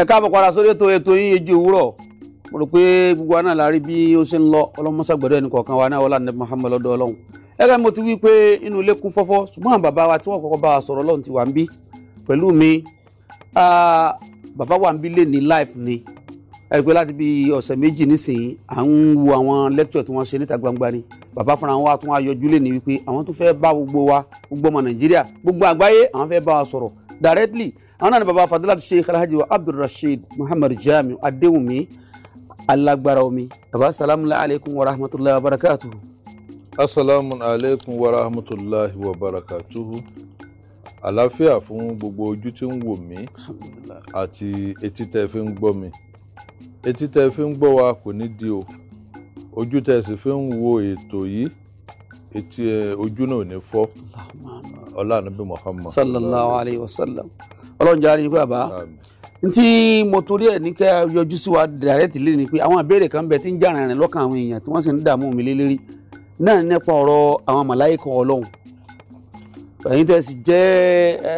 ẹ káàbọ̀ padà sórí ètò ètò yín Èjì Òwúrọ̀ mo rò pé gbogbo wa náà la rí bí ó ṣe ń lọ ọlọ́mọṣàgbẹ̀dọ̀ ẹnì kọ̀ọ̀kan wa náà wọlé àná Muhammad lọ́dọ̀ ọlọ́run ẹgbẹ́ mo ti wí pé inú ilé kún fọ́fọ́ ṣùgbọ́n àwọn bàbá wa tí wọ́n kọ́kọ́ bá wa sọ̀rọ̀ ọlọ́run ti wà ń bí pẹ̀lú mi bàbá wa ń bí lè ní life ni ẹ rí i pé láti bí ọ̀sẹ̀ méjì nísìnyí à ń wo lecture tí wọ́n ṣe níta gbangba ni bàbá fúnra wọn tún ayọjú lè ní wípé àwọn tún fẹ́ bá gbogbo wa gbogbo ọmọ Nàìjíríà directly àwọn náà ni baba fadilat sheikh alhaji wa abdulrasheed muhammad jamiu adéwùmí alágbára omi baba salamu alaykum wa rahmatulahi wa barakatuhu. asalaamu alaykum wa rahmatulahi wa barakatuhu àlàáfíà fún gbogbo ojú tí ń wò mí àti etí tẹ́ fi ń gbọ́ mi etí tẹ́ fi ń gbọ́ wa kò ní di o ojú tẹ́ sì fi ń wo ètò yìí etí eh, ojú náà ò ní fọ́ ọlá Ànábì Muhammad. sallallahu alayhi wa sallam ọlọ́run jàre yín bàbá ntí mo torí ẹ̀ ní kẹ́ yọjú sí wa direct lé ni pé àwọn ìbéèrè kan bẹ tí ń jàrìn rìn lọ́kàn àwọn èèyàn tí wọ́n sì ń dààmú mi lé lérí náà nípa ọ̀rọ̀ àwọn màláìkà ọlọ́run ẹ̀yin tẹ́ sì jẹ́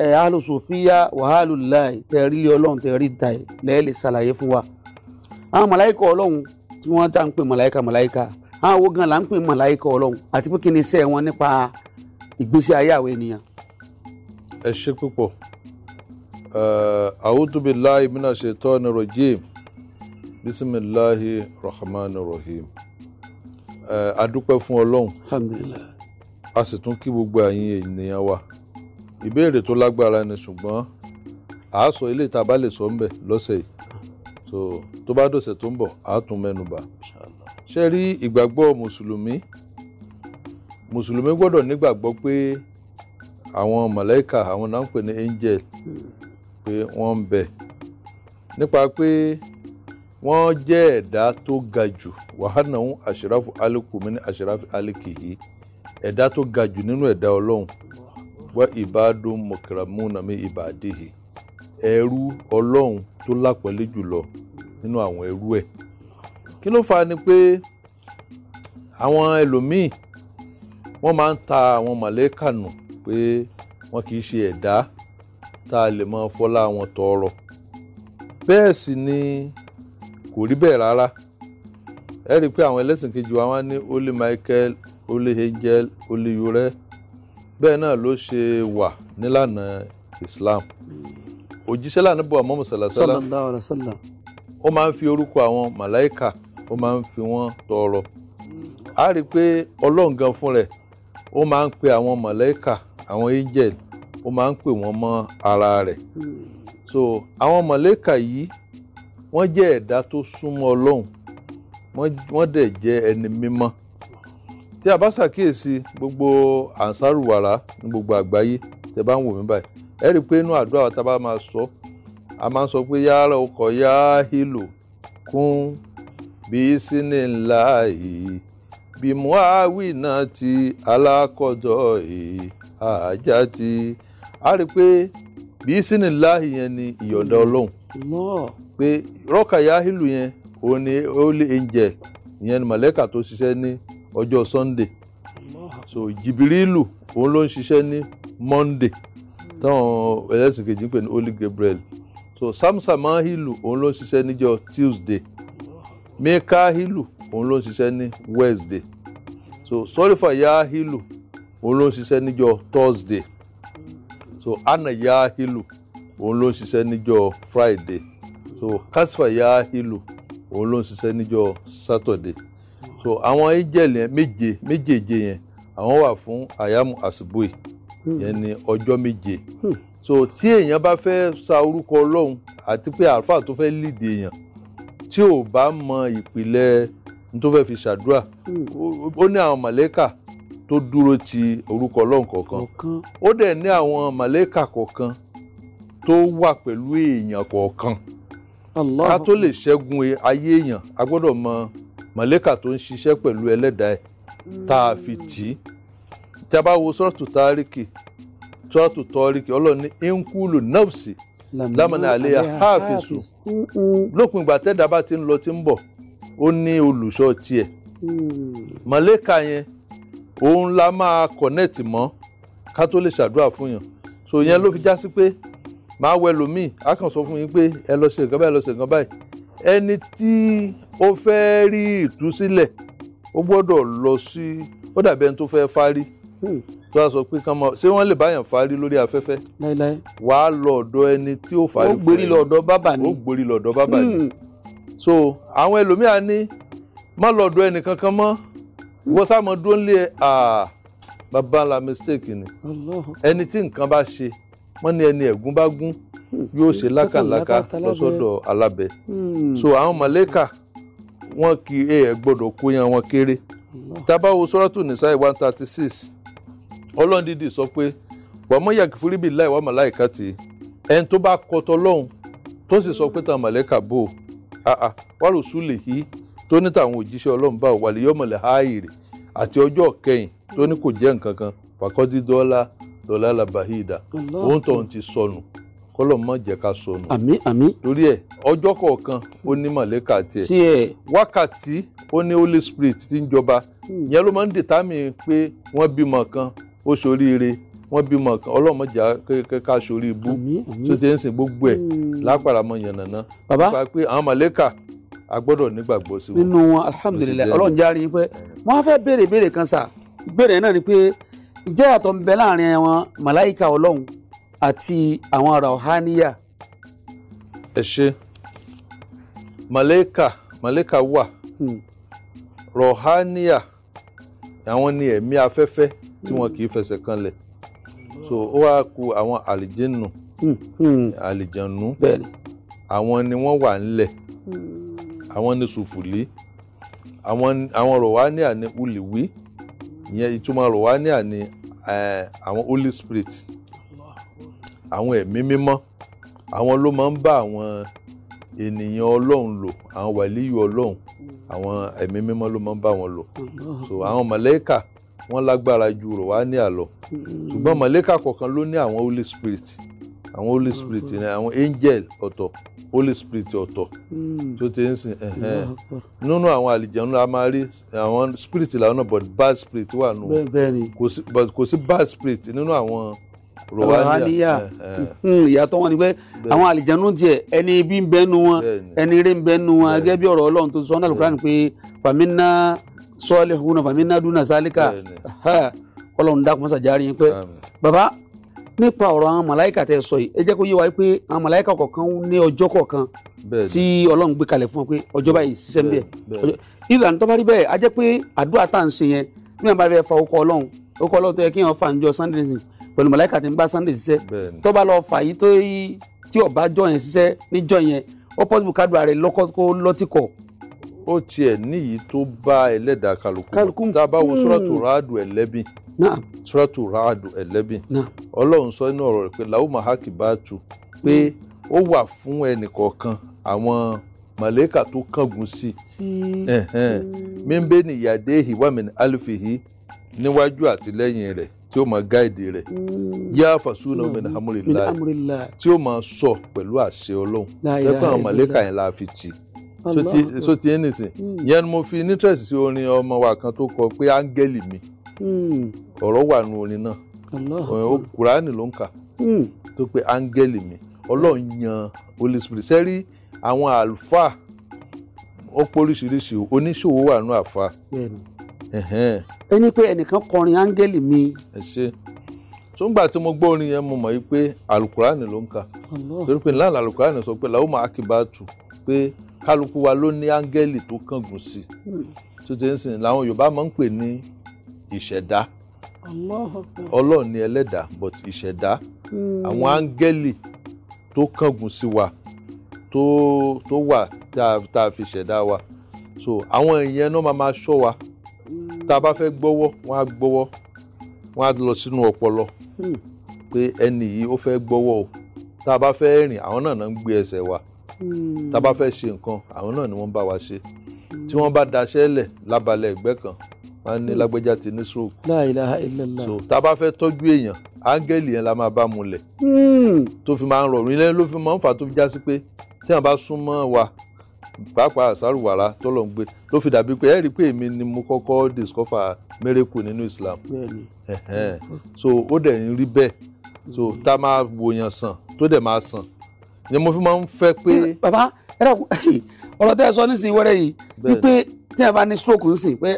ẹ̀ alùsòfíà wàhálù láì tẹ́ rí ọlọ́run tẹ́ rí ta ẹ̀ lẹ́ẹ̀ lè fún wa àwọn màláìkà ọlọ́run tí wọ́n tá ń pè màláìkà màláìkà Ah, àwọn wo gan la ń pè màláìkà ọlọ́run àti pé kí ni iṣẹ́ wọn nípa ìgbésí ayé àwọn ènìyàn. ẹ ṣe púpọ̀ eh, a'udhu billahi minash shaitani rajim bisimilahi rahman rahim eh, adúpẹ́ fún ọlọ́run alhamdulillah a sì tún kí gbogbo àyìn ènìyàn wa ìbéèrè tó lágbára ni ṣùgbọ́n àá sọ ilé ìta bá lè sọ ń bẹ̀ lọ́sẹ̀ yìí tó bá dọ̀sẹ̀ tó ń bọ̀ àá tún ṣe rí ìgbàgbọ́ mùsùlùmí mùsùlùmí gbọ́dọ̀ nígbàgbọ́ pé àwọn màláíkà àwọn náà ń pè ní angel pé wọ́n ń bẹ nípa pé wọ́n jẹ́ ẹ̀dá tó ga jù wàhánà ń àṣìráfù alíkùmí ní àṣìráfù alíkìhí ẹ̀dá tó ga jù nínú ẹ̀dá ọlọ́run wá ìbádùn mọ̀kìràmúnàmí ìbàdìhì ẹrú ọlọ́run tó lápọ̀lé jùlọ nínú àwọn ẹrú ẹ̀ kí ló fà á ni pé àwọn ẹlòmíì wọ́n máa ń ta àwọn màlẹ́kà nù pé wọ́n kì í ṣe ẹ̀dá tá a lè máa fọlá wọn tọrọ bẹ́ẹ̀ sì ni kò rí bẹ́ẹ̀ rárá ẹ rí i pé àwọn ẹlẹ́sìn kejì wa wá ní holy Michael holy angel holy yorẹ bẹ́ẹ̀ náà ló ṣe wà nílànà Islam òjíṣẹ́ lànà bọ̀ àmọ́ mùsàlásálà ó máa ń fi orúkọ àwọn màláìka ó máa ń fi wọ́n tọrọ a rí i pé ọlọ́run gan fún rẹ̀ ó máa ń pe àwọn mọ̀lẹ́kà àwọn angel ó máa ń pè wọ́n mọ́ ara rẹ̀ so àwọn mọ̀lẹ́kà yìí wọ́n jẹ́ ẹ̀dá tó súnmọ́ ọlọ́run wọ́n dẹ̀ jẹ́ ẹni mímọ́ tí a bá ṣàkíyèsí gbogbo ànsárùwàrà ní gbogbo àgbáyé tẹ bá ń wò mí báyìí ẹ rí i pé inú àdúrà tá a bá máa sọ a máa ń sọ pé yàrá ọkọ̀ yá hílò kún bisinilahi bimuawina ti alakọjọ àjàtì a rí i pé bisinilahi yẹn ni ìyọ̀ǹda mm. ọlọ́run pé rọ́kàyáhìlù yẹn òun ni holy angel ìyẹn ni màlẹ́kà tó ṣiṣẹ́ ní ọjọ́ sunday so jìbìrìlù òun ló ń ṣiṣẹ́ ní monday mm. táwọn ẹlẹ́sìn kejì ń pè ní holy gabriel so samsamahilu òun ló ń ṣiṣẹ́ níjọ́ tuesday mekahilu òun ló ń ṣiṣẹ́ ní wednesday so sorry sọ́rífà yahilu òun ló ń ṣiṣẹ́ níjọ thursday so ana yahilu òun ló ń ṣiṣẹ́ níjọ friday so kasfa yahilu òun ló ń ṣiṣẹ́ níjọ saturday so àwọn angel yẹn méje méjèèje yẹn àwọn wà fún ayamu asibui hmm. yẹn ni ọjọ́ méje hmm. so tí èèyàn bá fẹ́ sa orúkọ ọlọ́run àti pé àlùfáà tó fẹ́ lídìí èèyàn tí ò bá mọ ìpìlẹ̀ n tó fẹ́ fi ṣàdúrà hmm. ó ní àwọn màlẹ́kà tó dúró ti orúkọ ọlọ́run kọ̀ọ̀kan ó dẹ̀ ní àwọn màlẹ́kà kọ̀ọ̀kan tó wà pẹ̀lú èèyàn kọ̀ọ̀kan ká tó lè ṣẹ́gun ayé èèyàn a gbọ́dọ̀ mọ màlẹ́kà tó ń ṣiṣẹ́ pẹ̀lú ẹlẹ́dàá ẹ̀ hmm. tá a fi tì í tí a bá wo sọ́ọ̀tù táríkì sọ́ọ̀tù tọ́ríkì ní ínkúlù nọ́ọ̀sì lámàna àlẹ́ àháfìsù lópin ìgbà tẹ́dá bá ti ń lọ tí ń bọ̀ ó ní olùṣọ́ tiẹ̀ hmm. màlẹ́kà yẹn òun la máa kọ̀nẹ́ẹ̀tì mọ́ ká tó lè ṣàdúrà fún yàn so yẹn ló fi já sí pé màá wẹ lòmíì á kàn sọ fún yín pé ẹ lọ ṣe nǹkan báyìí lọ ṣe nǹkan báyìí ẹni tí ó fẹ́ rí ìtúsílẹ̀ ó gbọ́dọ̀ lọ sí ó dàbí ẹni tó fẹ́ fárí. Hmm. tó a sọ pé kán mọ ṣé wọ́n lè báyàn fárí lórí afẹ́fẹ́ wà á lọ ọ̀dọ̀ ẹni tí ó fárí fún ẹ ó gbórí lọ ọ̀dọ̀ ni ó gbórí lọ ọ̀dọ̀ ni hmm. so àwọn ẹlòmíà ní má lọ ọ̀dọ̀ ẹnì kankan mọ́ hmm. wọ́n sá dúró nílé ẹ̀ bàbá ńlá mistake ni ẹni tí nǹkan bá ṣe wọ́n ní ẹni ẹ̀gún bá gún yóò ṣe lákàlákà lọ́sọ̀dọ̀ alábẹ́ so àwọn mọ̀lẹ́kà wọn kì í ẹ̀ gbọ́dọ̀ kóyan wọn kéré tábàwo sọ́rọ́tù nìsáyé one thirty six ọlọ́run dídì sọ pé wàmọ́yà kìfúrúbì láì wà màláìka tì í ẹni tó bá kọtọ lọ́hùn tó sì sọ pé tàn màlẹ́kà bò ó wàrùsù lè hí tó ní tàwọn òjíṣẹ́ ọlọ́run bá wàlíyọ́mọ̀lẹ̀ háàyèrè àti ọjọ́ kẹyìn tó ní kò jẹ́ nǹkan kan fàkọ́dí dọ́là dọ́là làbàhídà òun tóun ti sọnù kọlọ mọ jẹ́ ká sọnù. àmín àmín. torí ẹ ọjọ́ kọ̀ọ̀kan ó ní màlẹ́kà tiẹ̀. wákàtí ó ní holy spirit tí ń jọba hmm. yẹn ló máa ń dìtámì pé wọ́n bímọ kan ó ṣoríire wọ́n bímọ kan ọlọ́mọjà kẹ́kẹ́ sórí ibú tó ti ń sìn gbogbo ẹ̀ hmm. lápàràmọ̀ yànnàná nípa pé àwọn mọ̀lẹ́kà a gbọ́dọ̀ nígbàgbọ́ sí wọn. nínú wọn alhamdulilayi ọlọ́run járe yín pé wọ́n fẹ́ béèrè béèrè kan sà béèrè náà ni pé ǹjẹ́ ìyàtọ̀ ń bẹ láàrin àwọn màláìka ọlọ́run àti àwọn rauhaniya. ẹ ṣe màláìka màláìka wà hmm. rauhaniya àwọn ni ẹ̀mí afẹ́fẹ́. Hmm tí wọn kì í fẹsẹ̀ kanlẹ̀ so ó wá ku àwọn àlìjẹnu hmm, hmm. àlìjẹnu àwọn ni wọ́n wà ńlẹ̀ hmm. àwọn ni sùfùlì àwọn rọ̀wánìà ni ulìwí ìyẹn ìtumọ̀ rọ̀wánìà ni àwọn holy spirit àwọn ẹ̀mí mímọ́ àwọn ló máa ń bá àwọn ènìyàn ọlọ́run lò àwọn wàlíyù ọlọ́run àwọn ẹ̀mí mímọ́ ló máa ń bá wọn lò so àwọn màláíkà wọ́n lágbára ju rò wá ní àlọ́ ṣùgbọ́n mọ̀lẹ́kà kọ̀ọ̀kan ló ní àwọn holy spirit àwọn holy spirit ni àwọn angel ọ̀tọ̀ holy spirit ọ̀tọ̀ hmm. tó ti ń sìn nínú àwọn àlìjẹun a máa rí àwọn spirit làwọn náà but bad spirit wà nù kò sí bad spirit nínú àwọn. No rohaniya ìyàtọ̀ wọn ni pé àwọn àlìjánu tiẹ̀ ẹni ibi ń bẹ́nu wọn ẹni eré ń bẹ́nu wọn gẹ́gẹ́ bí ọ̀rọ̀ ọlọ́run tó sọ ọ́nà lùkúrán pé fàmínà sọ́ọ̀lì hùnà fàmínà dúnà sálíkà ọlọ́run dákun mọ́sà járe yín pé bàbá nípa ọ̀rọ̀ àwọn màláìkà tẹ sọ yìí ẹ jẹ́ kó yé wa pé àwọn màláìkà kọ̀ọ̀kan ní ọjọ́ kọ̀ọ̀kan tí ọlọ́run gbé kalẹ̀ fún wọn pé ọjọ́ báyìí ṣiṣẹ́ ń bẹ̀ ìlànà tó bá rí bẹ́ẹ̀ a jẹ́ pé àdúrà tá à ń ṣe yẹn bí wọn bá fẹ́ fa okọ̀ ọlọ́run okọ̀ ọlọ́run tó yẹ kí wọn fà ń sunday night pẹ̀lú mọ̀láìkà tí ń bá Sunday ṣiṣẹ́ tó bá lọ fà yí tí ọba jọ yẹn ṣiṣẹ́ níjọ yẹn ó possible kádùá rẹ̀ lọ́kọ́ kó lọ́tìkọ̀. ó tiẹ̀ níyì tó bá ẹlẹ́dàá kálukú tá a bá wo hmm. sọ́ràtù ráàdù ẹ̀lẹ́bì sọ́ràtù ráàdù ẹ̀lẹ́bì ọlọ́run sọ inú ọ̀rọ̀ rẹ̀ pé làwọn mahaki bá tu pé hmm. ó wà fún ẹnìkọ̀ọ̀kan àwọn màlẹ́kà tó kángun sí i mímbé nìyàdé ìwàmì alifihi níwájú àti rẹ̀ tí ó máa gáìdì rẹ̀ mm. yá fàṣúnà min amrillah tí ó máa sọ pẹ̀lú àṣẹ ọlọ́run tẹ́kọ̀ àwọn màlẹ́kà yẹn la fi tì so ti ẹni sìn mm. yẹn mo fi interest sí orin ọmọ wa kan tó kọ pé áńgẹ́lì mi mm. ọ̀rọ̀ wà nù orin náà kùránì ló ń kà tó pé áńgẹ́lì mi ọlọ́run yan holy spirit sẹ́rí àwọn àlùfáà ó pọ̀ oríṣiríṣi oníṣòwò wà nù àfa ẹni pé ẹnìkan kọrin áńgẹ́lì mi. ẹ ṣe tó ń gbà tí mo gbọ́ orin yẹn mo mọ̀ yìí pé alukurani ló ń kà torí pé nílànà alukurani sọ pé làwọn máa kì bá tù pé kálukú wa ló ní áńgẹ́lì tó kángun sí i hmm. tó ń sìn làwọn Yorùbá máa ń pè ní ìṣẹ̀dá Ọlọ́run ni ẹlẹ́dàá but ìṣẹ̀dá hmm. àwọn áńgẹ́lì tó kángun sí wa tó wà tá a fi ṣẹ̀dá wa so àwọn èèyàn náà máa máa ṣọ́ wa tá a bá fẹ́ gbọ́wọ́ wọ́n á gbọ́wọ́ wọ́n á lọ sínú ọpọlọ hmm. pé ẹni yìí ó fẹ́ gbọ́wọ́ o tá a bá fẹ́ rìn àwọn náà náà ń gbé ẹsẹ̀ wa hmm. tá a bá fẹ́ ṣe nǹkan àwọn náà ni wọ́n bá wa ṣe hmm. tí wọ́n bá daṣẹ́ lẹ̀ lábalẹ̀ ẹgbẹ́ kan wọ́n ní lágbẹ́já ti ní stroke. la ilaha illallah. so tá a bá fẹ́ tọ́jú èèyàn áńgẹ́lì yẹn la máa bá mu lẹ̀. tó fi máa ń rọrùn ilé ló fi máa ń fà tó fi já sí pé tí wọ́n bá súnmọ́ wa pàápàá àsárùwàrà tọ́lọ̀ ń gbé ló fi dàbí pé ẹ rí i pé èmi ni mo kọ́kọ́ discover miracle nínú Islam so ó dẹ̀ ń rí bẹ́ẹ̀ so mm. tá a máa wòyàn sàn tó dẹ̀ máa sàn ni mo fi máa ń fẹ́ pé. bàbá ọ̀rọ̀ tẹ́ ẹ sọ nísìnyí wẹ́rẹ́ yìí wípé tí ẹ bá ní stroke ń sìn pé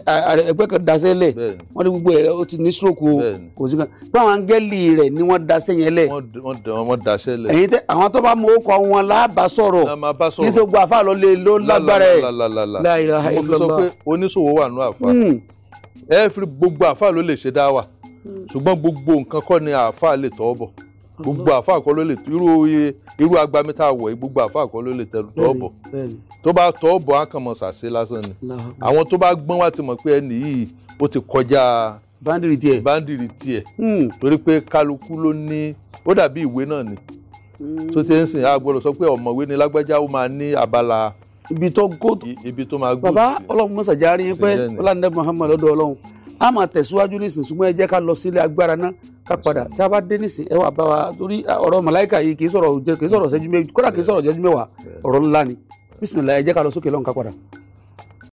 ẹgbẹ́ kan daṣẹ́ lẹ̀ wọ́n ní gbogbo ẹ̀ ó ti ní stroke o kò sí kan pé àwọn angẹ́lì rẹ̀ ni wọ́n daṣẹ́ yẹn lẹ̀. wọ́n daṣẹ́ lẹ̀. ẹ̀yin tẹ àwọn tó bá o orúkọ wọn láàbà sọ̀rọ̀ kì í ṣe gbogbo àfa ló lè ló lágbára ẹ̀. mo fi sọ pé oníṣòwò wà nù àfa ẹ fi gbogbo àfa ló lè ṣe dá wà hmm. ṣùgbọ́n gbogbo nǹkan kọ́ ni àfa lè tọ́ bọ̀ gbogbo àfáà kọ́ ló lè irú irú agbami tá a wọ̀ yìí gbogbo àfáà kọ́ ló lè tẹnu tọ́ bọ̀ tó bá tọ́ bọ̀ á kàn mọ̀ sàṣe lásán ni àwọn tó bá gbọ́n wá ti mọ̀ pé ẹnì yìí ó ti kọjá báńdìrì tiẹ̀ báńdìrì tiẹ̀ hmm. torí pé kálukú ló ní ó dàbí ìwé náà ni hmm. tó ti ń sìn á gbọ́dọ̀ sọ pé ọ̀mọ̀wé ni lágbájá ó máa ní abala ibi tó gòtù bàbá ọlọ́run mọ̀sàjárí yín pé ọlọ́run a máa tẹ̀síwájú nísìnyí ṣùgbọ́n ẹ jẹ́ ká lọ sílé agbára náà ká padà tí a bá dé nísìnyí ẹ wà bá wa torí ọ̀rọ̀ màláìka yìí kì í sọ̀rọ̀ kì í sọ̀rọ̀ ṣẹ́jú mẹ́wàá kódà kì í sọ̀rọ̀ ṣẹ́jú mẹ́wàá ọ̀rọ̀ ńlá ni bísímìlá ẹ jẹ́ ká lọ sókè lọ́hùn ká padà.